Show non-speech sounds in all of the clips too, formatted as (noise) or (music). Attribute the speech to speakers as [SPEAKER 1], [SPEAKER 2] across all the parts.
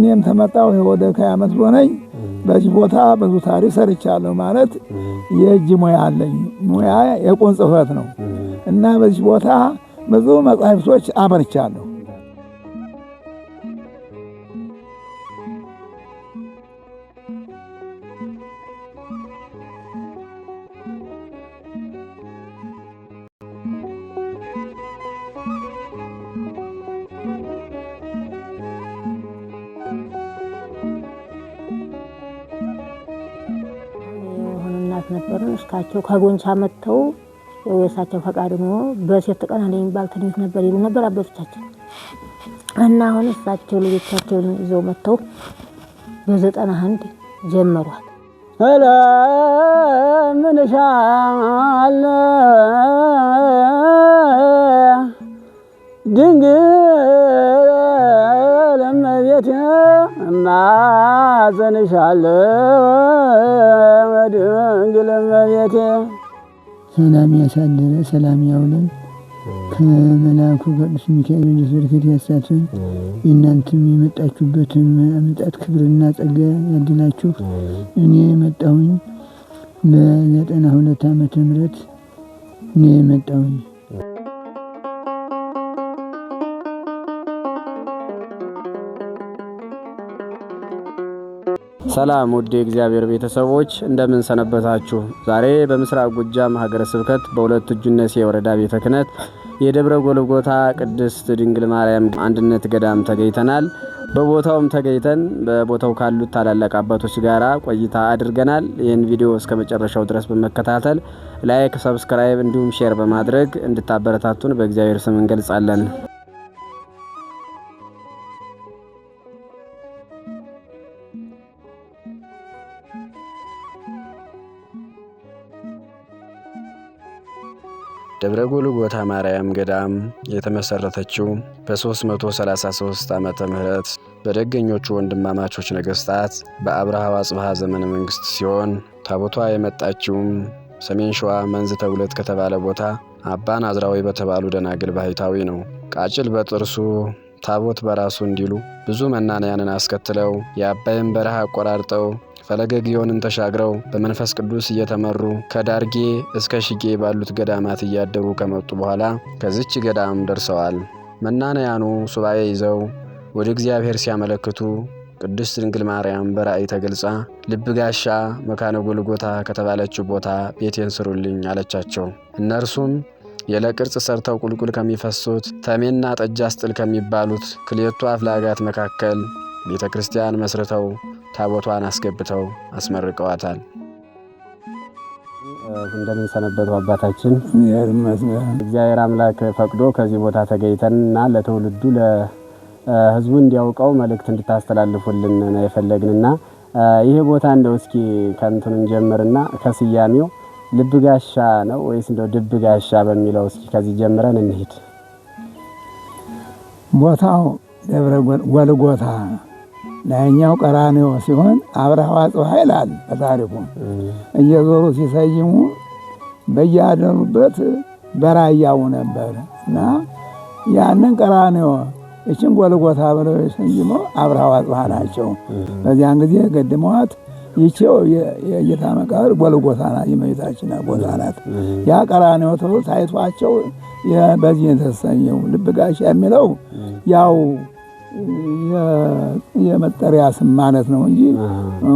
[SPEAKER 1] እኔም ተመጣሁ ወደ ከያ ዓመት ሆነኝ። በዚህ ቦታ ብዙ ታሪክ ሰርቻለሁ። ማለት የእጅ ሙያ አለኝ። ሙያ የቁም ጽሕፈት ነው እና በዚህ ቦታ ብዙ መጽሐፍቶች አበርቻለሁ።
[SPEAKER 2] ከጎንቻ መጥተው የእሳቸው ፈቃድ ሆኖ በሴት ትቀናለች የሚባል ትንቢት ነበር ይሉ ነበር አባቶቻችን እና አሁን እሳቸው ልጆቻቸውን ይዘው መጥተው በዘጠና አንድ ጀመሯል።
[SPEAKER 1] እለምንሻለ ድንግል እመቤቴ እማጸንሻለሁ ድንግል እመቤቴ።
[SPEAKER 3] ሰላም ያሳደረ ሰላም ያውለን ከመልአኩ ቅዱስ ሚካኤል ልጅ በረከት ያሳትፈን። የእናንተም የመጣችሁበትን ክብርና ጸጋ ያድላችሁ። እኔ የመጣሁኝ በዘጠና ሁለት ዓመተ ምሕረት እኔ የመጣሁኝ
[SPEAKER 4] ሰላም ውድ የእግዚአብሔር ቤተሰቦች እንደምን ሰነበታችሁ? ዛሬ በምስራቅ ጎጃም ሀገረ ስብከት በሁለት እጁነሴ ወረዳ ቤተ ክህነት የደብረ ጎልጎታ ቅድስት ድንግል ማርያም አንድነት ገዳም ተገኝተናል። በቦታውም ተገኝተን በቦታው ካሉት ታላላቅ አባቶች ጋራ ቆይታ አድርገናል። ይህን ቪዲዮ እስከ መጨረሻው ድረስ በመከታተል ላይክ፣ ሰብስክራይብ እንዲሁም ሼር በማድረግ እንድታበረታቱን በእግዚአብሔር ስም እንገልጻለን። ደብረ ጎልጎታ ማርያም ገዳም የተመሰረተችው በ333 ዓመተ ምህረት በደገኞቹ ወንድማማቾች ነገሥታት በአብርሃ አጽብሃ ዘመነ መንግሥት ሲሆን ታቦቷ የመጣችውም ሰሜን ሸዋ መንዝ ተጉለት ከተባለ ቦታ አባ ናዝራዊ በተባሉ ደናግል ባህታዊ ነው። ቃጭል በጥርሱ ታቦት በራሱ እንዲሉ ብዙ መናንያንን አስከትለው የአባይን በረሃ አቆራርጠው ፈለገ ጊዮንን ተሻግረው በመንፈስ ቅዱስ እየተመሩ ከዳርጌ እስከ ሽጌ ባሉት ገዳማት እያደሩ ከመጡ በኋላ ከዚች ገዳም ደርሰዋል። መናንያኑ ሱባኤ ይዘው ወደ እግዚአብሔር ሲያመለክቱ ቅድስት ድንግል ማርያም በራእይ ተገልጻ ልብ ጋሻ መካነ ጎልጎታ ከተባለችው ቦታ ቤቴን ስሩልኝ አለቻቸው። እነርሱም የለቅርጽ ሰርተው ቁልቁል ከሚፈሱት ተሜና ጠጃስጥል ከሚባሉት ክሌቱ አፍላጋት መካከል ቤተ ክርስቲያን መስርተው ታቦቷን አስገብተው አስመርቀዋታል።
[SPEAKER 5] ሰነበቱ አባታችን እግዚአብሔር አምላክ ፈቅዶ ከዚህ ቦታ እና ለትውልዱ ለህዝቡ እንዲያውቀው መልእክት እንድታስተላልፉልን ነው የፈለግንና ይህ ቦታ እንደው እስኪ ከንቱን እንጀምርና ከስያሜው ልብ ጋሻ ነው ወይስ እንደው ድብ ጋሻ በሚለው እስኪ ከዚህ ጀምረን እንሂድ።
[SPEAKER 6] ቦታው ደብረ ጎልጎታ ላይኛው ቀራንዮ ሲሆን አብርሃ ጽሃ ይላል በታሪኩ። እየዞሩ ሲሰይሙ በያደሩበት በራያው ነበር እና ያንን ቀራንዮ እችን ጎልጎታ ብለው የሰይመው አብርሃ ጽሃ ናቸው። በዚያን ጊዜ ገድመዋት ይቼው የጌታ መቃብር ጎልጎታ ናት፣ የእመቤታችን ጎታ ናት። ያ ቀራንዮ ታይቷቸው በዚህ የተሰኘው ልብ ጋሻ የሚለው ያው የመጠሪያ ስም ማለት ነው እንጂ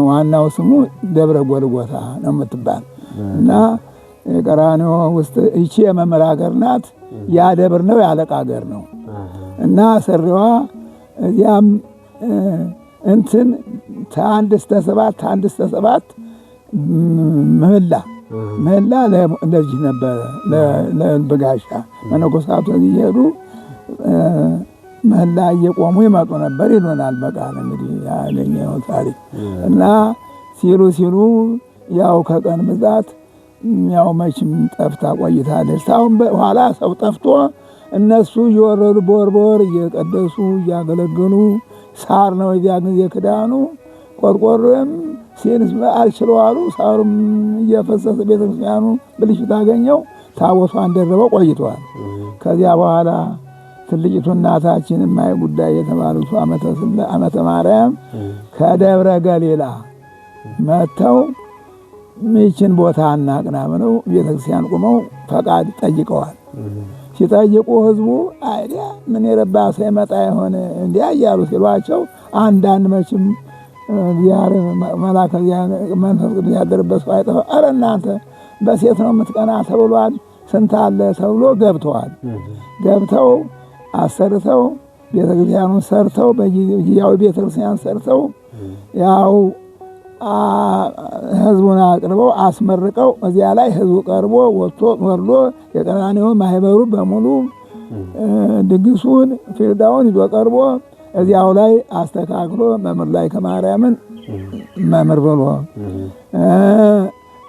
[SPEAKER 6] ዋናው ስሙ ደብረ ጎልጎታ ነው የምትባል እና የቀራንዮ ውስጥ ይቺ የመምህር ሀገር ናት። ያ ደብር ነው ያለቃ ሀገር ነው እና ሰሪዋ እዚያም እንትን አንድ እስከ ሰባት አንድ እስከ ሰባት ምህላ ምህላ ለዚህ ነበረ ለበጋሻ መነኮሳቱ እየሄዱ ምህላ እየቆሙ ይመጡ ነበር ይሉናል። በቃል እንግዲህ ያለኛ ታሪክ እና ሲሉ ሲሉ ያው ከቀን ብዛት ያው መችም ጠፍታ ቆይታለች። አሁን በኋላ ሰው ጠፍቶ እነሱ እየወረዱ በወር እየቀደሱ እያገለገሉ ሳር ነው። እዚያ ጊዜ ክዳኑ ቆርቆሮም ሲንስ አልችለው አሉ። ሳሩም እየፈሰሰ ቤተ ክርስቲያኑ ብልሽት አገኘው። ታቦቷን ደርበው ቆይቷል ከዚያ በኋላ ትልቂቱ እናታችን ማይ ጉዳይ የተባሉት ዓመተ ማርያም ከደብረ ገሊላ መጥተው ሚችን ቦታ እናቅና ብለው ቤተክርስቲያን ቁመው ፈቃድ ጠይቀዋል። ሲጠይቁ ህዝቡ አይዲያ ምን የረባ ሳይመጣ የሆነ እንዲያ እያሉ ሲሏቸው አንዳንድ መችም ዚር መላከ መንፈስ ቅዱስ ያደረበት ሰው አይጠፋ። አረ እናንተ በሴት ነው የምትቀና ተብሏል፣ ስንት አለ ተብሎ ገብተዋል። ገብተው አሰርተው ቤተክርስቲያኑን ሰርተው በጊዜያዊ ቤተክርስቲያን ሰርተው ያው ህዝቡን አቅርበው አስመርቀው እዚያ ላይ ህዝቡ ቀርቦ ወጥቶ ወርዶ የቀራንዮ ማህበሩ በሙሉ ድግሱን ፊርዳውን ይዞ ቀርቦ እዚያው ላይ አስተካክሎ መምህር ላይ ከማርያምን መምህር ብሎ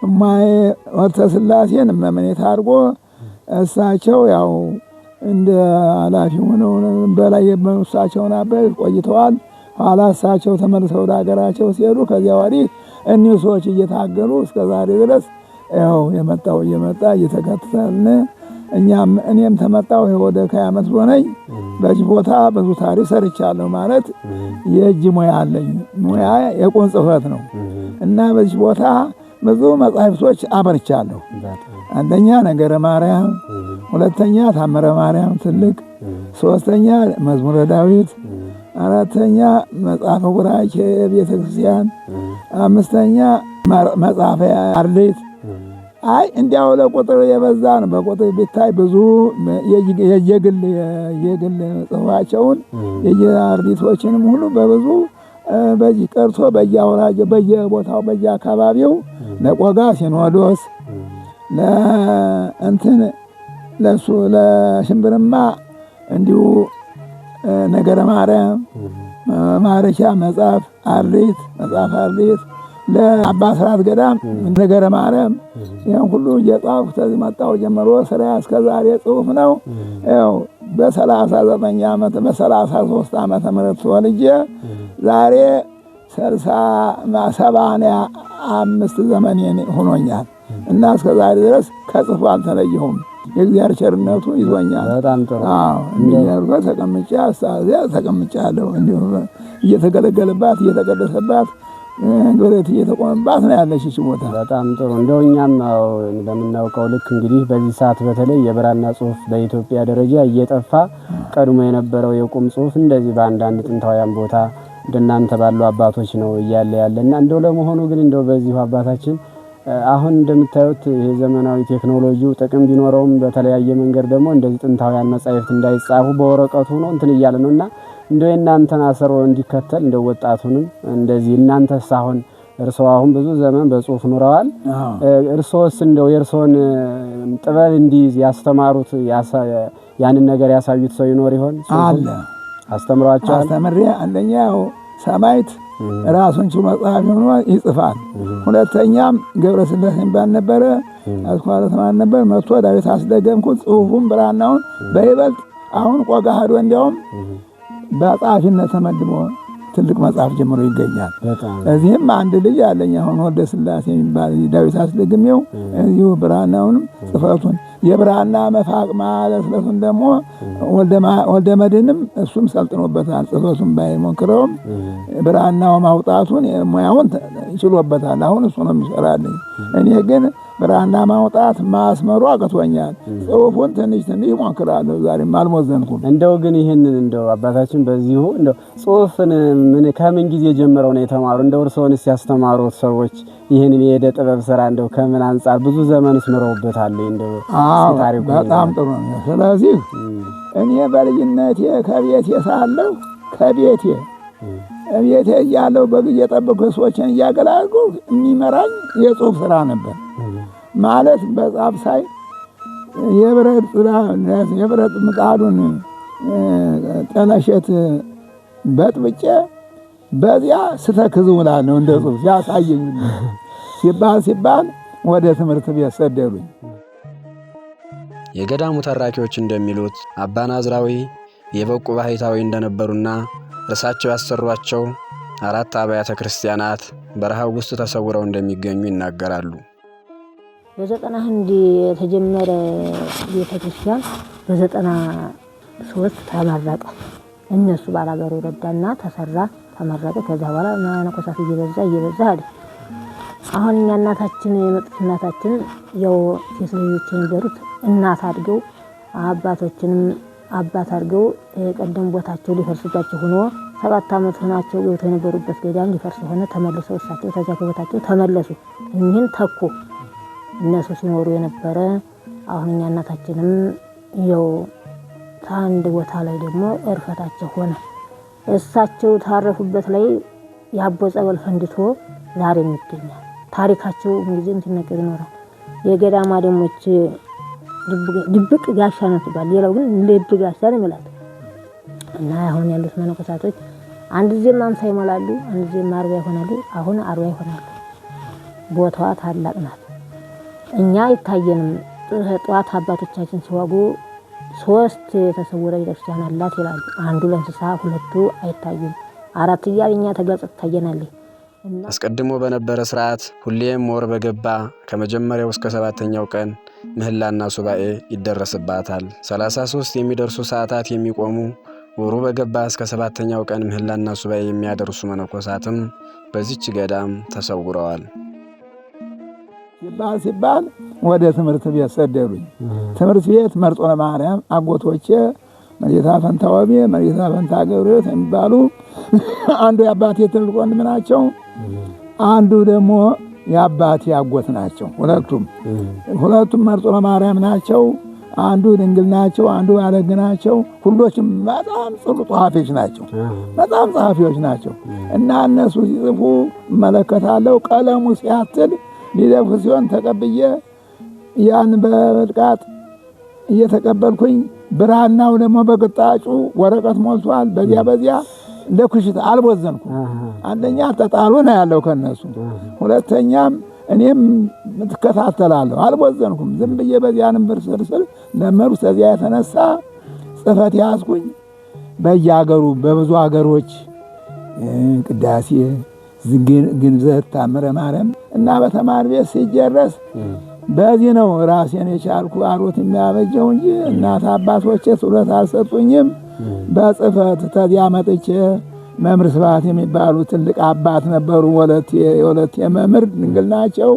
[SPEAKER 6] እማዬ ወርተ ስላሴን መምኔት አድርጎ እሳቸው ያው እንደ ኃላፊ ሆነው በላይ እሳቸውን አበ ቆይተዋል። ኋላ እሳቸው ተመልሰው ወደ ሀገራቸው ሲሄዱ ከዚያ ወዲህ እኒህ ሰዎች እየታገሉ እስከ ዛሬ ድረስ ው የመጣው እየመጣ እየተከተልን እኛም እኔም ተመጣው ወደ ከያመት ሆነኝ። በዚህ ቦታ ብዙ ታሪክ ሰርቻለሁ። ማለት የእጅ ሙያ አለኝ። ሙያ የቁም ጽሕፈት ነው እና በዚህ ቦታ ብዙ መጻሕፍቶች አበርቻለሁ። አንደኛ ነገረ ማርያም፣ ሁለተኛ ታምረ ማርያም ትልቅ፣ ሶስተኛ መዝሙረ ዳዊት አራተኛ መጽሐፈ ቡራኬ ቤተ ክርስቲያን፣ አምስተኛ መጽሐፈ አርድእት። አይ እንዲያው ለቁጥር የበዛ ነው። በቁጥር ቢታይ ብዙ የግል የግል ጽሑፋቸውን የየአርድእቶችንም ሁሉ በብዙ በዚህ ቀርቶ በየአውራጀው በየቦታው በየአካባቢው ለቆጋ ሲኖዶስ ለእንትን ለሱ ለሽምብርማ እንዲሁ ነገረ ማርያም፣ ማረሻ መጽሐፍ አሪት መጽሐፍ አሪት ለአባ ስራት ገዳም ነገረ ማርያም ይህን ሁሉ እየጻፍኩ ተዚህ መጣሁ ጀምሮ ስራ እስከዛሬ ጽሁፍ ነው። ያው በሰላሳ ዘጠኝ ዓመት በሰላሳ ሶስት ዓመተ ምህረት ተወልጄ ዛሬ ስልሳ ሰባንያ አምስት ዘመን ሆኖኛል እና እስከዛሬ ድረስ ከጽሁፍ አልተለየሁም። የእግዚአብሔር ቸርነቱ ይዞኛል። ሚሊዮን ርጓ ተቀምጫ አስተዚያ ተቀምጫ ያለው እንዲሁ እየተገለገለባት እየተቀደሰባት ገብረት እየተቆመባት ነው ያለች ይች ቦታ።
[SPEAKER 5] በጣም ጥሩ እንደው እኛም እንደምናውቀው ልክ እንግዲህ በዚህ ሰዓት በተለይ የብራና ጽሑፍ በኢትዮጵያ ደረጃ እየጠፋ ቀድሞ የነበረው የቁም ጽሑፍ እንደዚህ በአንዳንድ ጥንታውያን ቦታ እንደናንተ ባሉ አባቶች ነው እያለ ያለ እና እንደው ለመሆኑ ግን እንደው በዚሁ አባታችን አሁን እንደምታዩት ይሄ ዘመናዊ ቴክኖሎጂው ጥቅም ቢኖረውም በተለያየ መንገድ ደግሞ እንደዚህ ጥንታውያን መጻሕፍት እንዳይጻፉ በወረቀቱ ሆኖ እንትን እያለ ነው እና እንደ የእናንተን አሰሮ እንዲከተል እንደ ወጣቱንም እንደዚህ እናንተ ሳሁን እርስዎ አሁን ብዙ ዘመን በጽሁፍ ኑረዋል። እርስዎስ እንደው የእርስዎን ጥበብ እንዲይዝ ያስተማሩት ያንን ነገር ያሳዩት ሰው ይኖር ይሆን? አለ አስተምሯቸዋል።
[SPEAKER 6] አስተምሬ አንደኛው ሰማይት ራሱን ችሎ መጽሐፍ ሆኖ ይጽፋል። ሁለተኛም ገብረ ገብረስላሴ የሚባል ነበረ፣ አስኳለ ተማን ነበር። መጥቶ ዳዊት አስደገምኩት። ጽሁፉም ብራናውን በይበልጥ አሁን ቆጋ ሄዶ እንዲያውም በጸሐፊነት ተመድቦ ትልቅ መጽሐፍ ጀምሮ ይገኛል። እዚህም አንድ ልጅ አለኝ አሁን ወደ ስላሴ የሚባል ዳዊት አስደግሜው እዚሁ ብራናውንም ጽፈቱን የብራና መፋቅ ማለስለሱን ደግሞ ወልደ መድንም እሱም ሰልጥኖበታል። ጽፈቱን ባይሞክረውም ብራናው ማውጣቱን ሙያውን ይችሎበታል። አሁን እሱ ነው የሚሰራልኝ እኔ ግን ብራና ማውጣት ማስመሩ አቅቶኛል። ጽሁፉን ትንሽ ትንሽ ሞክራለሁ። ዛሬም አልሞዘንኩም።
[SPEAKER 5] እንደው ግን ይህንን እንደው አባታችን በዚሁ እንደው ጽሁፍን ምን ከምን ጊዜ ጀምረው ነው የተማሩ? እንደው እርስዎንስ ያስተማሩት ሰዎች ይህንን የእደ ጥበብ ስራ እንደው ከምን አንጻር ብዙ ዘመን ኖረውበታል? እንደው
[SPEAKER 6] በጣም ጥሩ ነው። ስለዚህ እኔ በልጅነቴ ከቤቴ ሳለሁ ከቤቴ ቤቴ እያለሁ በግ እየጠበቅኩ ሰዎችን እያገላገሉ የሚመራኝ የጽሁፍ ስራ ነበር። ማለት በጻፍ ሳይ የብረት የብረት ምጣዱን ጠለሸት በጥብጬ በዚያ ስተክዝ ውላለሁ እንደ ጽሑፍ ያሳየኝ ሲባል ሲባል ወደ ትምህርት ቤት ሰደዱኝ።
[SPEAKER 4] የገዳሙ ተራኪዎች እንደሚሉት አባ ናዝራዊ የበቁ ባህታዊ እንደነበሩና እርሳቸው ያሰሯቸው አራት አብያተ ክርስቲያናት በረሃብ ውስጥ ተሰውረው እንደሚገኙ ይናገራሉ።
[SPEAKER 2] በዘጠና አንድ የተጀመረ ቤተክርስቲያን በዘጠና ሶስት ተመረቀ። እነሱ ባላገሩ ረዳና ተሰራ ተመረቀ። ከዛ በኋላ መነኮሳት እየበዛ እየበዛ አለ። አሁን እኛ እናታችን የመጡት እናታችን ያው ሴት ልጆች የነበሩት እናት አድገው አባቶችንም አባት አድርገው ቀደም ቦታቸው ሊፈርስባቸው ሆኖ ሰባት ዓመት ሆናቸው ገብተው የነበሩበት ገዳም ሊፈርስ ሆነ። ተመልሰው እሳቸው ተዛ ከቦታቸው ተመለሱ። እኒህን ተኩ እነሱ ሲኖሩ የነበረ አሁን እኛ እናታችንም ያው ከአንድ ቦታ ላይ ደግሞ እርፈታቸው ሆነ። እሳቸው ታረፉበት ላይ የአቦ ጸበል ፈንድቶ ዛሬም ይገኛል። ታሪካቸው እንግዲህ ሲነገር ይኖራል። የገዳማ ደሞች ድብቅ ጋሻ ነው ትባል፣ ሌላው ግን ልብ ጋሻ ነው ይላል እና አሁን ያሉት መነኮሳቶች አንድ ጊዜ አምሳ ይሞላሉ፣ አንድ ጊዜ አርባ ይሆናሉ። አሁን አርባ ይሆናሉ። ቦታዋ ታላቅ ናት። እኛ አይታየንም። ጠዋት አባቶቻችን ሲዋጉ ሶስት የተሰወረ ቤተክርስቲያን አላት ይላሉ። አንዱ ለእንስሳ ሁለቱ አይታዩም። አራት እያል እኛ ተገልጽ ትታየናለች።
[SPEAKER 4] አስቀድሞ በነበረ ስርዓት ሁሌም ወር በገባ ከመጀመሪያው እስከ ሰባተኛው ቀን ምህላና ሱባኤ ይደረስባታል። 33 የሚደርሱ ሰዓታት የሚቆሙ ወሩ በገባ እስከ ሰባተኛው ቀን ምህላና ሱባኤ የሚያደርሱ መነኮሳትም በዚች ገዳም ተሰውረዋል።
[SPEAKER 6] ሲባል ሲባል ወደ ትምህርት ቤት ሰደዱኝ። ትምህርት ቤት መርጦ ለማርያም አጎቶቼ መሬታ ፈንታ ወቤ፣ ፈንታ ገብሬዎት የሚባሉ (laughs) አንዱ የአባቴ ትልቅ ወንድም ናቸው። አንዱ ደግሞ የአባቴ አጎት ናቸው። ሁለቱም ሁለቱም መርጦ ለማርያም ናቸው። አንዱ ድንግል ናቸው፣ አንዱ ባለግ ናቸው። ሁሎችም በጣም ጽሉ ጸሐፊዎች ናቸው። በጣም ጸሐፊዎች ናቸው እና እነሱ ሲጽፉ እመለከታለሁ ቀለሙ ሲያትል ሊደፉ ሲሆን ተቀብዬ ያን በብልቃጥ እየተቀበልኩኝ ብርሃናው ደግሞ በቅጣጩ ወረቀት ሞልቷል። በዚያ በዚያ ለኩሽት አልቦዘንኩ። አንደኛ ተጣሉ ነው ያለው ከነሱ፣ ሁለተኛም እኔም ምትከታተላለሁ አልቦዘንኩም። ዝም ብዬ በዚያንም ብርስርስል ለመሩ። ከዚያ የተነሳ ጽፈት ያዝኩኝ። በየአገሩ በብዙ አገሮች ቅዳሴ ግንዘት ታምረ ማርያም እና በተማር ቤት ሲጀረስ በዚህ ነው ራሴን የቻልኩ አሮት የሚያበጀው እንጂ እናት አባቶቼ ጡረት አልሰጡኝም። በጽፈት ተዚያ መጥቼ መምህር ስብሐት የሚባሉ ትልቅ አባት ነበሩ። ወለቴ መምህር ድንግል ናቸው።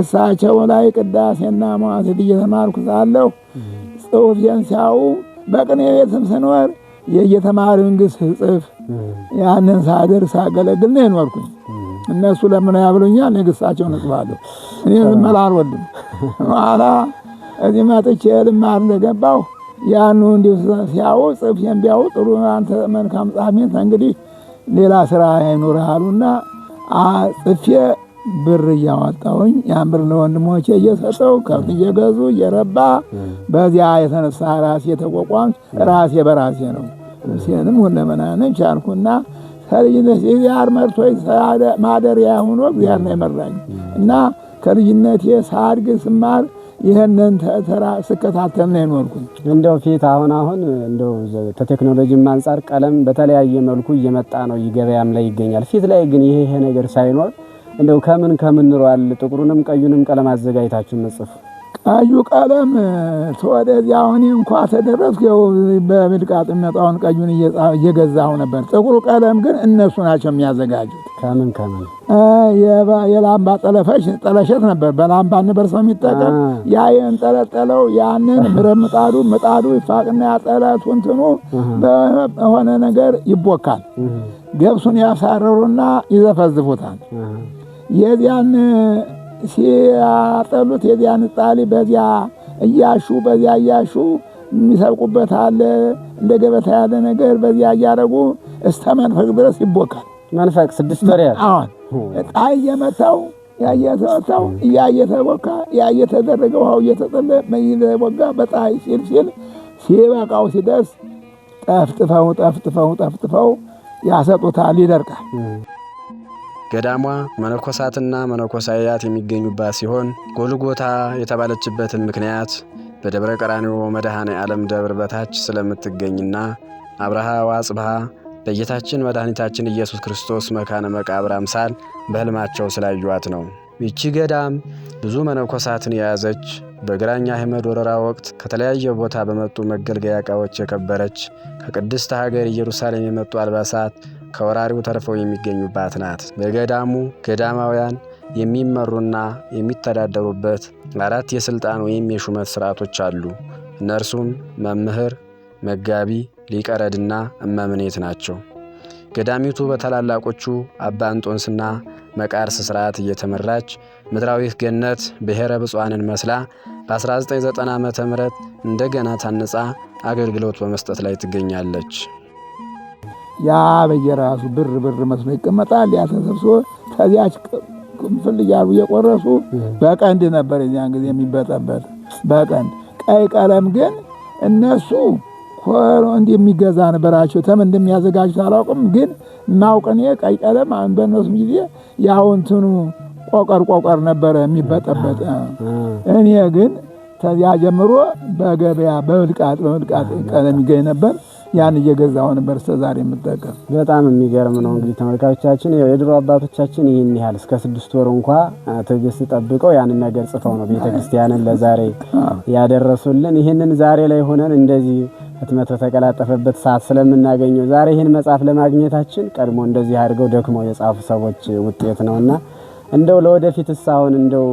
[SPEAKER 6] እሳቸው ላይ ቅዳሴና መዋሥዕት እየተማርኩ ሳለሁ ጽሑፌን ሲያዩ በቅኔ ቤትም ስንወር የእየተማሪውን ግስ ጽፍ ያንን ሳደርግ ሳገለግል ነው የኖርኩኝ። እነሱ ለምን ያብሉኛል? ንግሥታቸውን እጽፋለሁ። እኔ ዝመላ አልወድም። በኋላ እዚህ መጥቼ ልማር እንደገባሁ ያኑ እንዲሁ ሲያው ጽፍ የንቢያው ጥሩ አንተ መልካም ጻፊን እንግዲህ ሌላ ስራ አይኖርህ አሉና ጽፌ ብር እያወጣውኝ ያን ብር ለወንድሞቼ እየሰጠው ከብት እየገዙ እየረባ በዚያ የተነሳ ራሴ ተቋቋም ራሴ በራሴ ነው ሴንም ሁለመናነች አልኩና ከልጅነት እግዚአብሔር መርቶ ማደሪያ ሆኖ እግዚአብሔር ነው የመራኝ እና ከልጅነቴ ሳድግ ስማር ይህንን ተራ ስከታተል ነው የኖርኩኝ።
[SPEAKER 5] እንደው ፊት አሁን አሁን እንደው ከቴክኖሎጂም አንጻር ቀለም በተለያየ መልኩ እየመጣ ነው፣ ገበያም ላይ ይገኛል። ፊት ላይ ግን ይሄ ነገር ሳይኖር እንደው ከምን ከምን ሯል ጥቁሩንም ቀዩንም ቀለም አዘጋጅታችሁ መጽፍ
[SPEAKER 6] አዩ ቀለም ተወደዚያ አሁን እንኳ ተደረስ በምድቃጥ መጣውን ቀዩን እየገዛሁ ነበር። ጥቁሩ ቀለም ግን እነሱ ናቸው የሚያዘጋጁት።
[SPEAKER 5] ከምን ከምን
[SPEAKER 6] የላምባ ጠለፈሽ ጠለሸት ነበር። በላምባ ንበር ሰው የሚጠቀም ያ የንጠለጠለው ያንን ብረ ምጣዱ ምጣዱ ይፋቅና ያጠለቱ እንትኑ በሆነ ነገር ይቦካል። ገብሱን ያሳረሩና ይዘፈዝፉታል የዚያን ሲያጠሉት የዚያን ጣሊ በዚያ እያሹ በዚያ እያሹ የሚሰብቁበት አለ። እንደ ገበታ ያለ ነገር በዚያ እያደረጉ እስተ መንፈቅ ድረስ ይቦካል።
[SPEAKER 5] መንፈቅ ስድስት ወር ያለ
[SPEAKER 6] ጣይ እየመታው ያየተወታው እያየተቦካ ያየተደረገ ውሃው እየተጠለ እየተቦጋ በጣይ ሲል ሲል ሲበቃው ሲደርስ ጠፍጥፈው ጠፍጥፈው ጠፍጥፈው ያሰጡታል፣ ይደርቃል።
[SPEAKER 4] ገዳሟ መነኮሳትና መነኮሳያት የሚገኙባት ሲሆን ጎልጎታ የተባለችበትን ምክንያት በደብረ ቀራኒዎ መድኃኔ ዓለም ደብር በታች ስለምትገኝና አብርሃ ወአጽብሃ በጌታችን መድኃኒታችን ኢየሱስ ክርስቶስ መካነ መቃብር አምሳል በሕልማቸው ስላዩዋት ነው። ይቺ ገዳም ብዙ መነኮሳትን የያዘች በግራኝ አህመድ ወረራ ወቅት ከተለያየ ቦታ በመጡ መገልገያ ዕቃዎች የከበረች ከቅድስተ ሀገር ኢየሩሳሌም የመጡ አልባሳት ከወራሪው ተርፈው የሚገኙባት ናት። በገዳሙ ገዳማውያን የሚመሩና የሚተዳደሩበት አራት የስልጣን ወይም የሹመት ስርዓቶች አሉ። እነርሱም መምህር፣ መጋቢ፣ ሊቀረድና እመምኔት ናቸው። ገዳሚቱ በታላላቆቹ አባ እንጦንስና መቃርስ ስርዓት እየተመራች ምድራዊት ገነት ብሔረ ብፁዓንን መስላ በ1990 ዓ ም እንደገና ታንጻ አገልግሎት በመስጠት ላይ ትገኛለች።
[SPEAKER 6] ያ በየራሱ ብር ብር መስሎ ይቀመጣል። ያ ተሰብስቦ ከዚያች ክፍል እያሉ እየቆረሱ በቀንድ ነበር እዚያን ጊዜ የሚበጠበት በቀንድ ቀይ ቀለም ግን እነሱ ኮሮ እንዲ የሚገዛ ነበራቸው። ተም እንደሚያዘጋጁት አላውቅም፣ ግን እናውቅን ቀይ ቀለም በእነሱም ጊዜ ያው እንትኑ ቆቀር ቆቀር ነበረ የሚበጠበት። እኔ ግን ከዚያ ጀምሮ በገበያ በብልቃጥ በብልቃጥ ቀለም ይገኝ ነበር። ያን እየገዛሁ ነበር እስከ ዛሬ የምጠቀም።
[SPEAKER 5] በጣም የሚገርም ነው እንግዲህ ተመልካቾቻችን፣ የድሮ አባቶቻችን ይህን ያህል እስከ ስድስት ወር እንኳ ትዕግስት ጠብቀው ያንን ነገር ጽፈው ነው ቤተክርስቲያንን ለዛሬ ያደረሱልን። ይህንን ዛሬ ላይ ሆነን እንደዚህ ህትመት በተቀላጠፈበት ሰዓት ስለምናገኘው ዛሬ ይህን መጽሐፍ ለማግኘታችን ቀድሞ እንደዚህ አድርገው ደክመው የጻፉ ሰዎች ውጤት ነውና እንደው ለወደፊት እስካሁን እንደው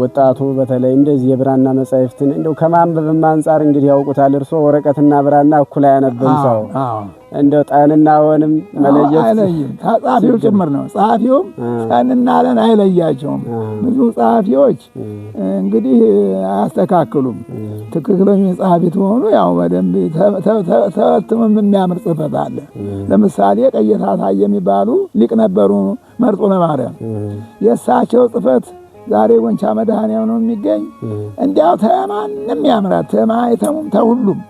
[SPEAKER 5] ወጣቱ በተለይ እንደዚህ የብራና መጻሕፍትን እንደው ከማንበብም አንጻር እንግዲህ ያውቁታል። እርሶ ወረቀትና ብራና እኩል አያነብም ሰው እንደው ጣንና ወንም መለየት አይለይም።
[SPEAKER 6] ከጸሐፊው ጭምር ነው። ጸሐፊውም ጠንና ለን አይለያቸውም። ብዙ ጸሐፊዎች እንግዲህ አያስተካክሉም። ትክክለኛ ጸሐፊ ትሆኑ ያው በደንብ ተበትምም የሚያምር ጽሕፈት አለ። ለምሳሌ ቀየታታ የሚባሉ ሊቅ ነበሩ። መርጡ ለማርያም የእሳቸው ጽፈት ዛሬ ጎንቻ መድኃኔዓለም ነው የሚገኝ። እንዲያው ተማንም ያምራል ተማ የተሙም ተሁሉም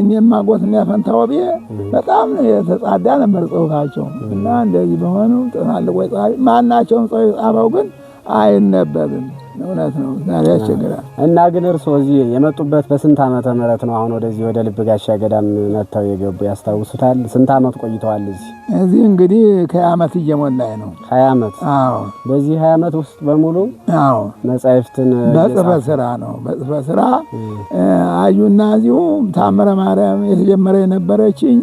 [SPEAKER 6] እኔም አጎትና ፈንታወቤ በጣም የተጻዳ ነበር ጽሑፋቸው እና እንደዚህ በሆኑ ወይ ጸሐፊ ማናቸውም ሰው የጻፈው ግን አይነበብም። እውነት ነው። ዛሬ ያስቸግራል
[SPEAKER 5] እና ግን እርስዎ እዚህ የመጡበት በስንት ዓመተ ምህረት ነው? አሁን ወደዚህ ወደ ልብ ጋሻ ገዳም መጥተው የገቡ ያስታውሱታል? ስንት ዓመት ቆይተዋል እዚህ?
[SPEAKER 6] እዚህ እንግዲህ ከዓመት እየሞላኝ ነው። ሀያ ዓመት አዎ።
[SPEAKER 5] በዚህ ሀያ ዓመት ውስጥ በሙሉ አዎ መጻሕፍትን
[SPEAKER 6] በጽሕፈት ስራ ነው። በጽሕፈት ስራ አዩና እዚሁ ታምረ ማርያም የተጀመረ የነበረችኝ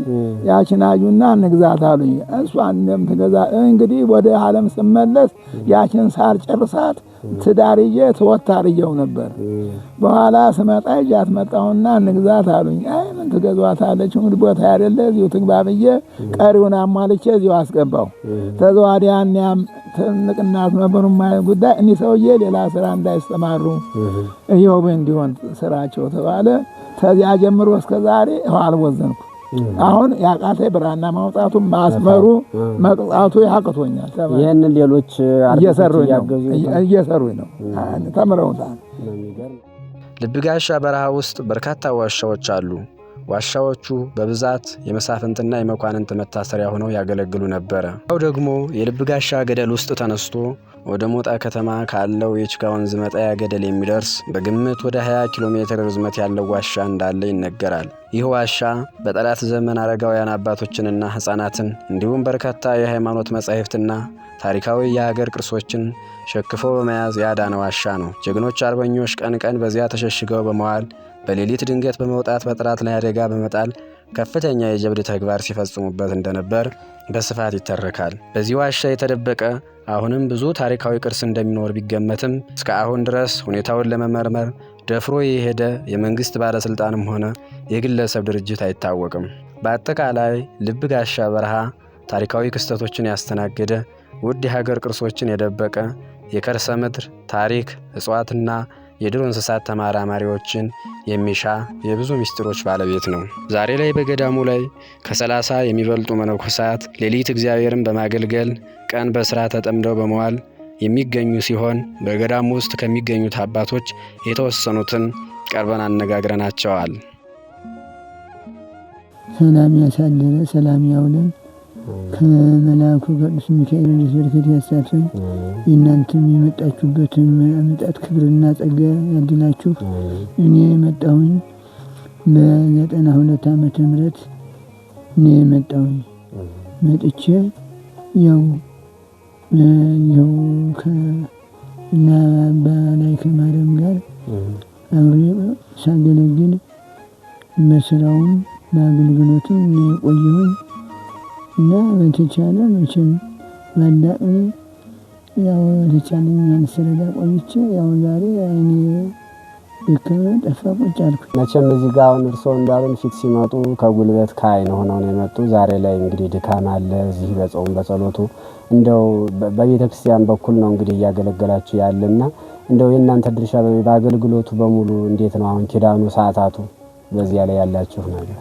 [SPEAKER 6] ያችን አዩና ንግዛት አሉኝ። እሷን እንደምትገዛ እንግዲህ ወደ ዓለም ስመለስ ያችን ሳር ጨርሳት ትዳርዬ ትወታርየው ነበር። በኋላ ስመጣ ይዣት መጣሁና ንግዛት አሉኝ። አይ ምን ትገዟታለች? እንግዲህ ቦታ ያደለ እዚሁ ትግባ ብዬ ቀሪውን አሟልቼ እዚሁ አስገባው። ተዘዋዲያንያም ትንቅና አስመበሩ ጉዳይ እኒህ ሰውዬ ሌላ ስራ እንዳይሰማሩ እየው እንዲሆን ስራቸው ተባለ። ከዚያ ጀምሮ እስከ ዛሬ አልወዘንኩ። አሁን ያቃተ ብራና ማውጣቱ ማስመሩ መቅጣቱ ያቅቶኛል።
[SPEAKER 5] ይህንን ሌሎች
[SPEAKER 6] እየሰሩኝ ነው፣ ተምረውታል።
[SPEAKER 4] ልብ ጋሻ በረሃ ውስጥ በርካታ ዋሻዎች አሉ። ዋሻዎቹ በብዛት የመሳፍንትና የመኳንንት መታሰሪያ ሆነው ያገለግሉ ነበረ። ያው ደግሞ የልብ ጋሻ ገደል ውስጥ ተነስቶ ወደ ሞጣ ከተማ ካለው የችጋ ወንዝ መጣያ ገደል የሚደርስ በግምት ወደ 20 ኪሎ ሜትር ርዝመት ያለው ዋሻ እንዳለ ይነገራል። ይህ ዋሻ በጠላት ዘመን አረጋውያን አባቶችንና ሕፃናትን እንዲሁም በርካታ የሃይማኖት መጻሕፍትና ታሪካዊ የሀገር ቅርሶችን ሸክፎ በመያዝ ያዳነ ዋሻ ነው። ጀግኖች አርበኞች ቀን ቀን በዚያ ተሸሽገው በመዋል በሌሊት ድንገት በመውጣት በጥራት ላይ አደጋ በመጣል ከፍተኛ የጀብድ ተግባር ሲፈጽሙበት እንደነበር በስፋት ይተረካል። በዚህ ዋሻ የተደበቀ አሁንም ብዙ ታሪካዊ ቅርስ እንደሚኖር ቢገመትም እስከ አሁን ድረስ ሁኔታውን ለመመርመር ደፍሮ የሄደ የመንግስት ባለስልጣንም ሆነ የግለሰብ ድርጅት አይታወቅም። በአጠቃላይ ልብ ጋሻ በረሃ ታሪካዊ ክስተቶችን ያስተናገደ ውድ የሀገር ቅርሶችን የደበቀ የከርሰ ምድር ታሪክ፣ እጽዋትና የዱር እንስሳት ተመራማሪዎችን የሚሻ የብዙ ምስጢሮች ባለቤት ነው። ዛሬ ላይ በገዳሙ ላይ ከሰላሳ የሚበልጡ መነኮሳት ሌሊት እግዚአብሔርን በማገልገል ቀን በሥራ ተጠምደው በመዋል የሚገኙ ሲሆን በገዳሙ ውስጥ ከሚገኙት አባቶች የተወሰኑትን ቀርበን አነጋግረናቸዋል።
[SPEAKER 3] ሰላም ያሳደረ ሰላም ያውለን። ከመልአኩ ቅዱስ ሚካኤል ልጅ በረከት ያሳትፈን። የእናንተም የመጣችሁበትን መምጣት ክብርና ጸጋ ያድላችሁ። እኔ የመጣሁኝ በዘጠና ሁለት ዓመተ ምህረት እኔ የመጣሁኝ መጥቼ ያው ያው ከና በላይ ከማርያም ጋር አብሬ ሳገለግል በስራውም በአገልግሎቱም እኔ የቆየሁኝ እና በተቻለ መቼም ማዳቅሜ ያው ተቻለኝ ያንስረዳ ቆይቼ ያው ዛሬ አይኔ ደከመ ጠፋ ቁጭ አልኩ።
[SPEAKER 5] መቼም እዚህ ጋ አሁን እርስዎ እንዳሉን ፊት ሲመጡ ከጉልበት ከአይን ሆነው ነው የመጡ። ዛሬ ላይ እንግዲህ ድካም አለ እዚህ በጾም በጸሎቱ እንደው በቤተ ክርስቲያን በኩል ነው እንግዲህ እያገለገላችሁ ያለና እንደው የእናንተ ድርሻ በአገልግሎቱ በሙሉ እንዴት ነው አሁን ኪዳኑ ሰዓታቱ በዚያ ላይ ያላችሁ ነገር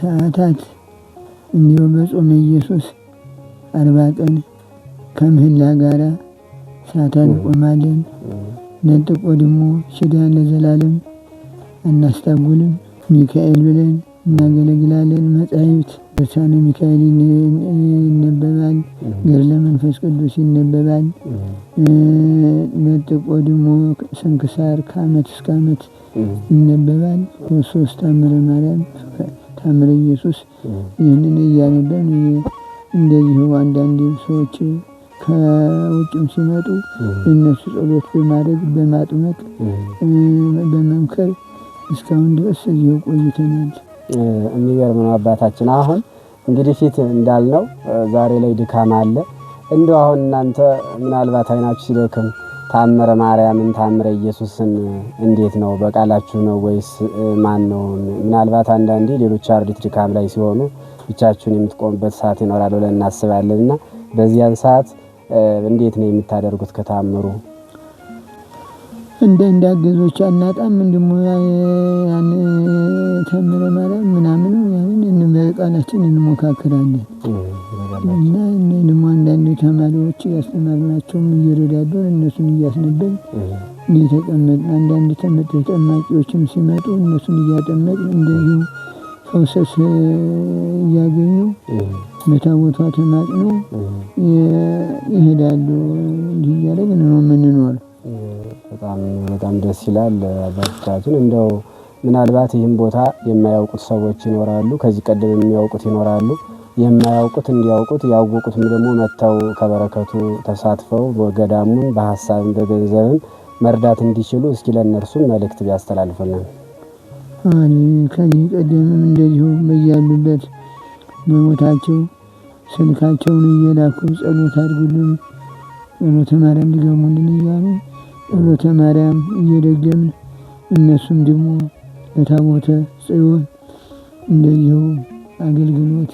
[SPEAKER 3] ሰዓታት እንዲሁ በጾመ ኢየሱስ አርባ ቀን ከምህላ ጋራ ሳታን ቆማለን ነጥቆ ደግሞ ኪዳን ለዘላለም አናስታጉልም ሚካኤል ብለን እናገለግላለን። መጻሕፍት ድርሳነ ሚካኤል ይነበባል። ገድለ መንፈስ ቅዱስ ይነበባል። ነጥቆ ደግሞ ስንክሳር ከአመት እስከ አመት ይነበባል። ሶስት አምረ ማርያም ታምረ ኢየሱስ ይህንን እያነበብን እንደዚሁ አንዳንድ ሰዎች ከውጭም ሲመጡ እነሱ ጸሎት በማድረግ በማጥመቅ በመምከር እስካሁን ድረስ እዚሁ ቆይተናል።
[SPEAKER 5] የሚገርም ነው አባታችን። አሁን እንግዲህ ፊት እንዳልነው ዛሬ ላይ ድካም አለ። እንደው አሁን እናንተ ምናልባት አይናችሁ ሲደክም ታምረ ማርያምን ታምረ ኢየሱስን እንዴት ነው? በቃላችሁ ነው ወይስ ማን ነው? ምናልባት አንዳንዴ ሌሎች አርዲት ድካም ላይ ሲሆኑ ብቻችሁን የምትቆሙበት ሰዓት ይኖራል ብለን እናስባለን እና በዚያን ሰዓት እንዴት ነው የምታደርጉት? ከታምሩ
[SPEAKER 3] እንደ አገዞች አናጣም እንዲሞ ተምረ ማርያም ምናምን ያንን በቃላችን እንሞካክራለን። እና እኔንም አንዳንድ ተማሪዎች ያስተማርናቸውም እየረዳዱን እነሱን እያስነበብን የተጠመቅን አንዳንድ ተመጥ ተጠማቂዎችም ሲመጡ እነሱን እያጠመቅን እንደዚሁ ፈውሰስ እያገኙ በታቦቷ ተማጥኖ ይሄዳሉ። እንዲህ እያደረግን ነው የምንኖር።
[SPEAKER 5] በጣም በጣም ደስ ይላል። አባቶቻችን እንደው ምናልባት ይህም ቦታ የማያውቁት ሰዎች ይኖራሉ፣ ከዚህ ቀደም የሚያውቁት ይኖራሉ። የማያውቁት እንዲያውቁት ያወቁትም ደግሞ መጥተው ከበረከቱ ተሳትፈው በገዳሙን በሀሳብም በገንዘብም መርዳት እንዲችሉ እስኪ ለእነርሱም መልእክት ቢያስተላልፍልን።
[SPEAKER 3] ከዚህ ቀደምም እንደዚሁ በያሉበት በቦታቸው ስልካቸውን እየላኩ ጸሎት አድርጉልን፣ ጸሎተ ማርያም ሊገሙልን እያሉ ጸሎተ ማርያም እየደገምን እነሱም ደግሞ ለታቦተ ጽዮን እንደዚሁ አገልግሎት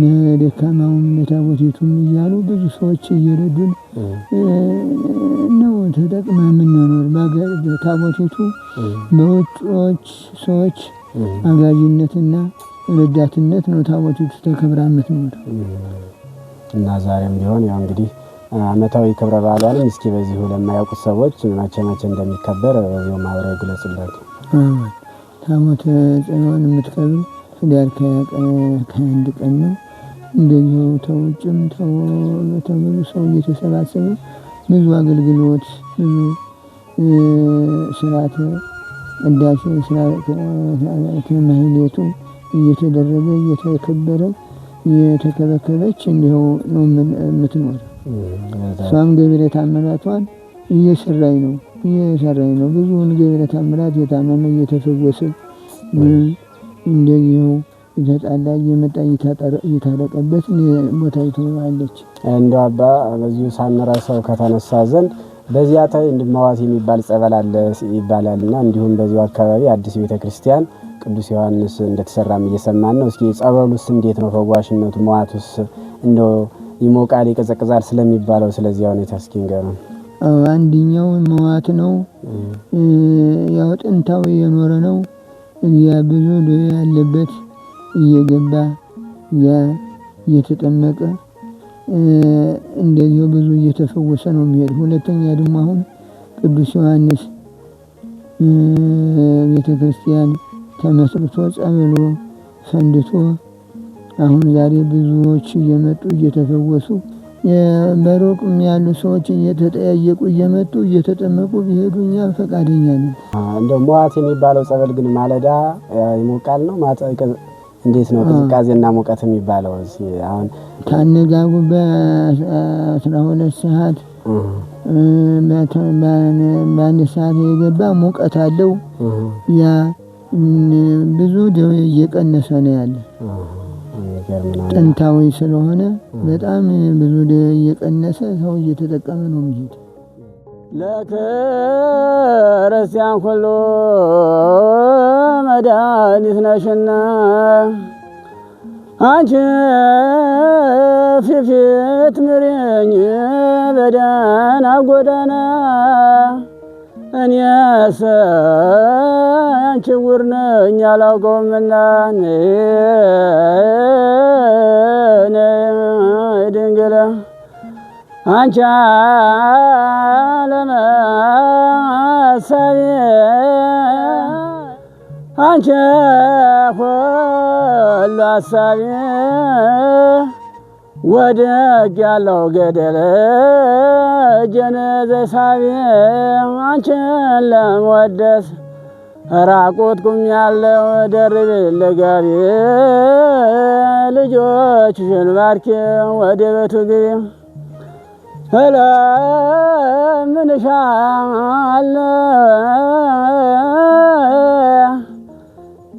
[SPEAKER 3] ለደካማውም ለታቦቴቱም እያሉ ብዙ ሰዎች እየረዱን ነው ተጠቅመ የምንኖር። ታቦቴቱ በውጮች ሰዎች አጋዥነትና ረዳትነት ነው ታቦቴቱ ተከብራ የምትኖር
[SPEAKER 5] እና ዛሬም ቢሆን ያው እንግዲህ አመታዊ ክብረ በዓሏንም እስኪ በዚሁ ለማያውቁ ሰዎች መቼ መቼ እንደሚከበር በዚሁ ማህበራዊ ግለጽላቸው
[SPEAKER 3] ታቦተ ጽዮን የምትከብር ዳር ከአንድ ቀን ነው እንደዚሁ ተውጭም ተብሎ ሰው እየተሰባሰበ ብዙ አገልግሎት ብዙ ስርዓተ ቅዳሴ ስርዓተ ማህሌቱ እየተደረገ እየተከበረ እየተከበከበች እንዲው ነው የምትኖር። እሷም ገቢረ ተአምራቷን እየሰራኝ ነው እየሰራኝ ነው ብዙውን ገቢረ ተአምራት የታመመ እየተፈወሰ እንደዚሁ የተጣላ እየመጣ እየታረቀበት ቦታ ይተዋለች።
[SPEAKER 5] እንደ አባ በዚሁ ሳንረሳው ከተነሳ ዘንድ በዚያ ታይ እንድመዋት የሚባል ጸበል አለ ይባላል እና እንዲሁም በዚሁ አካባቢ አዲስ ቤተ ክርስቲያን ቅዱስ ዮሐንስ እንደተሰራም እየሰማን ነው። እስኪ ጸበሉስ እንዴት ነው? ፈዋሽነቱ መዋቱስ እንደ ይሞቃል ይቀዘቅዛል ስለሚባለው ስለዚያ ሁኔታ እስኪ ንገረን።
[SPEAKER 3] አንድኛው መዋት ነው፣ ያው ጥንታዊ የኖረ ነው ብዙ ደዌ ያለበት እየገባ ያ እየተጠመቀ እንደዚሁ ብዙ እየተፈወሰ ነው የሚሄድ። ሁለተኛ ደግሞ አሁን ቅዱስ ዮሐንስ ቤተ ክርስቲያን ተመስርቶ ጸበሎ ፈንድቶ አሁን ዛሬ ብዙዎች እየመጡ እየተፈወሱ በሩቅ ያሉ ሰዎች እየተጠያየቁ እየመጡ እየተጠመቁ ቢሄዱ እኛ ፈቃደኛ ነን።
[SPEAKER 5] እንደ ሟት የሚባለው ጸበል ግን ማለዳ ይሞቃል ነው? እንዴት ነው ቅዝቃዜና ሙቀት የሚባለው? አሁን
[SPEAKER 3] ታነጋጉ በአስራ ሁለት ሰዓት በአንድ ሰዓት የገባ ሙቀት አለው። ያ ብዙ ደዌ እየቀነሰ ነው ያለ ነገር ጥንታዊ ስለሆነ በጣም ብዙ እየቀነሰ ሰው እየተጠቀመ ነው የሚሄድ።
[SPEAKER 1] ለክርስቲያን ሁሉ መድኃኒት ነሽና አንቺ ፊፊት ምሪኝ በደን ጎዳና እኔ ሰንቺ ዕውር ነኝ አላውቀውምና ድንግል አንቺ ዓለመ ሰብእ አንቺ ሁሉ አሳቢ ወደግ ያለው ገደል ጀነዘ ሳቢ አንችን ለመወደስ ራቁት ቁም ያለው ደርብ ለጋቢ ልጆች ሽንባርኪ ወደ ቤቱ ግቢ እለምንሻለ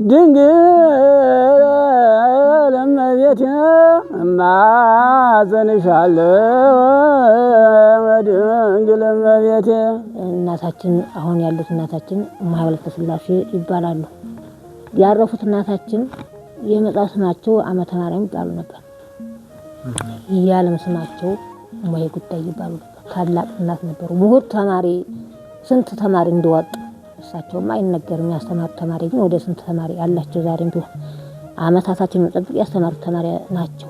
[SPEAKER 1] ድንግል እመቤቴ እማዘንሻለሁ ድንግል እመቤቴ።
[SPEAKER 2] እናታችን አሁን ያሉት እናታችን ማህበለተ ሥላሴ ይባላሉ። ያረፉት እናታችን የመጽሐፍ ስማቸው ዓመተ ማርያም ይባሉ ነበር። የዓለም ስማቸው እማዬ ጉዳይ ይባሉ ነበር። ታላቅ እናት ነበሩ። ምሁር ተማሪ ስንት ተማሪ እንደወጡ እሳቸውም አይነገርም። ያስተማሩ ተማሪ ግን ወደ ስንት ተማሪ አላቸው ዛሬም ቢሆን አመታታችን መጠብቅ ያስተማሩ ተማሪ ናቸው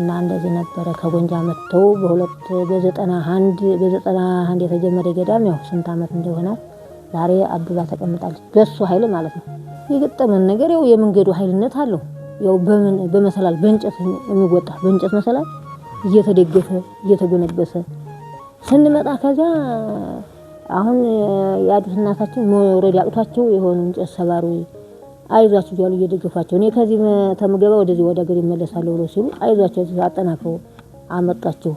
[SPEAKER 2] እና እንደዚህ ነበረ። ከጎንጃ መጥተው በሁለት በዘጠና አንድ በዘጠና አንድ የተጀመረ ገዳም ያው ስንት ዓመት እንደሆነ ዛሬ አብባ ተቀምጣለች። በሱ ኃይል ማለት ነው። የገጠመን ነገር ያው የመንገዱ ኃይልነት አለው። ያው በምን በመሰላል በእንጨት የሚወጣ በእንጨት መሰላል እየተደገፈ እየተጎነበሰ ስንመጣ ከዚያ አሁን የአዲስ እናታችን መውረድ ያቅቷቸው የሆኑ እንጨት ሰባሩ አይዟቸው እያሉ እየደገፋቸው እኔ ከዚህ ተመገበ ወደዚህ ወደ ሀገር ይመለሳለሁ ብሎ ሲሉ አይዟቸው አጠናክረው አመጣቸው።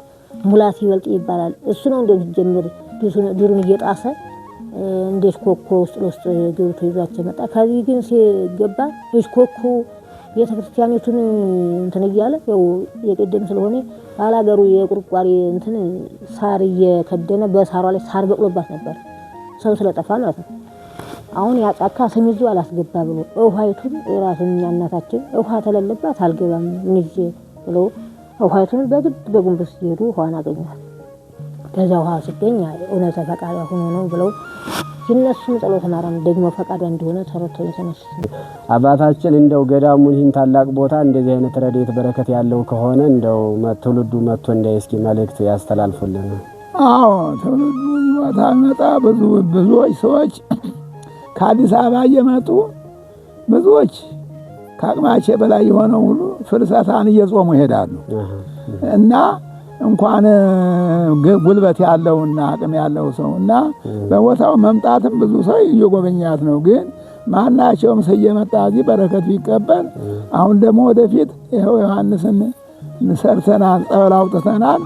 [SPEAKER 2] ሙላት ይበልጥ ይባላል። እሱ ነው እንደሚጀምር ድሩን እየጣሰ እንዴት ኮኮ ውስጥ ለውስጥ ገብቶ ይዟቸው መጣ። ከዚህ ግን ሲገባ እጅ ኮኮ ቤተክርስቲያኒቱን እንትን እያለ ያው የቀደም ስለሆነ ባላገሩ የቁርቋሪ እንትን ሳር እየከደነ በሳሯ ላይ ሳር በቅሎባት ነበር ሰው ስለጠፋ ማለት ነው። አሁን ያጫካ ስሚዙ አላስገባ ብሎ ውሃይቱን የራሱን እናታችን ውሃ ተለለባት አልገባም ንጄ ብሎ ውሃይቱን በግድ በጉንብስ ሲሄዱ ውሃን አገኟል። ከዛ ውሃ ሲገኝ እውነተ ፈቃዷ ሆኖ ነው ብለው ሲነሱም ጸሎት ማረም ደግሞ ፈቃዷ እንደሆነ ተረቶ የተነሱ
[SPEAKER 5] አባታችን እንደው ገዳሙን ይህን ታላቅ ቦታ እንደዚህ አይነት ረድኤት በረከት ያለው ከሆነ እንደው ትውልዱ መጥቶ እንዳይ እስኪ መልእክት ያስተላልፉልን።
[SPEAKER 6] አዎ ትውልዱ ቦታ መጣ ብዙ ብዙዎች ሰዎች ከአዲስ አበባ እየመጡ ብዙዎች ከአቅማቸው በላይ የሆነ ሁሉ ፍልሰታን እየጾሙ ይሄዳሉ እና እንኳን ጉልበት ያለውና አቅም ያለው ሰው እና በቦታው መምጣትም ብዙ ሰው እየጎበኛት ነው። ግን ማናቸውም ሰው እየመጣ እዚህ በረከት ቢቀበል አሁን ደግሞ ወደፊት ይኸው ዮሐንስን ሰርተናል፣ ጸበል አውጥተናል።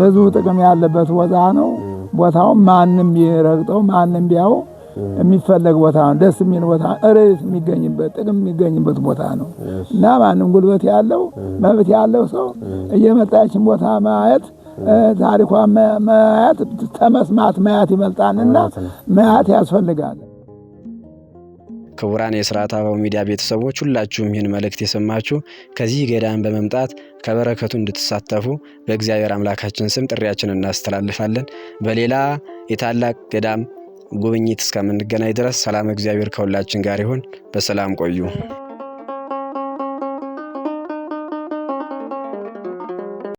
[SPEAKER 6] ብዙ ጥቅም ያለበት ቦታ ነው። ቦታውም ማንም ቢረግጠው ማንም ቢያው የሚፈለግ ቦታ ነው። ደስ የሚል ቦታ፣ እረፍት የሚገኝበት ጥቅም የሚገኝበት ቦታ ነው እና ማንም ጉልበት ያለው መብት ያለው ሰው እየመጣችን ቦታ ማየት ታሪኳ ማየት ተመስማት ማየት ይመልጣልና ማየት ያስፈልጋል።
[SPEAKER 4] ክቡራን የስርዓተ አበው ሚዲያ ቤተሰቦች ሁላችሁም ይህን መልእክት የሰማችሁ ከዚህ ገዳም በመምጣት ከበረከቱ እንድትሳተፉ በእግዚአብሔር አምላካችን ስም ጥሪያችን እናስተላልፋለን። በሌላ የታላቅ ገዳም ጉብኝት እስከምንገናኝ ድረስ ሰላም እግዚአብሔር ከሁላችን ጋር ይሁን። በሰላም ቆዩ።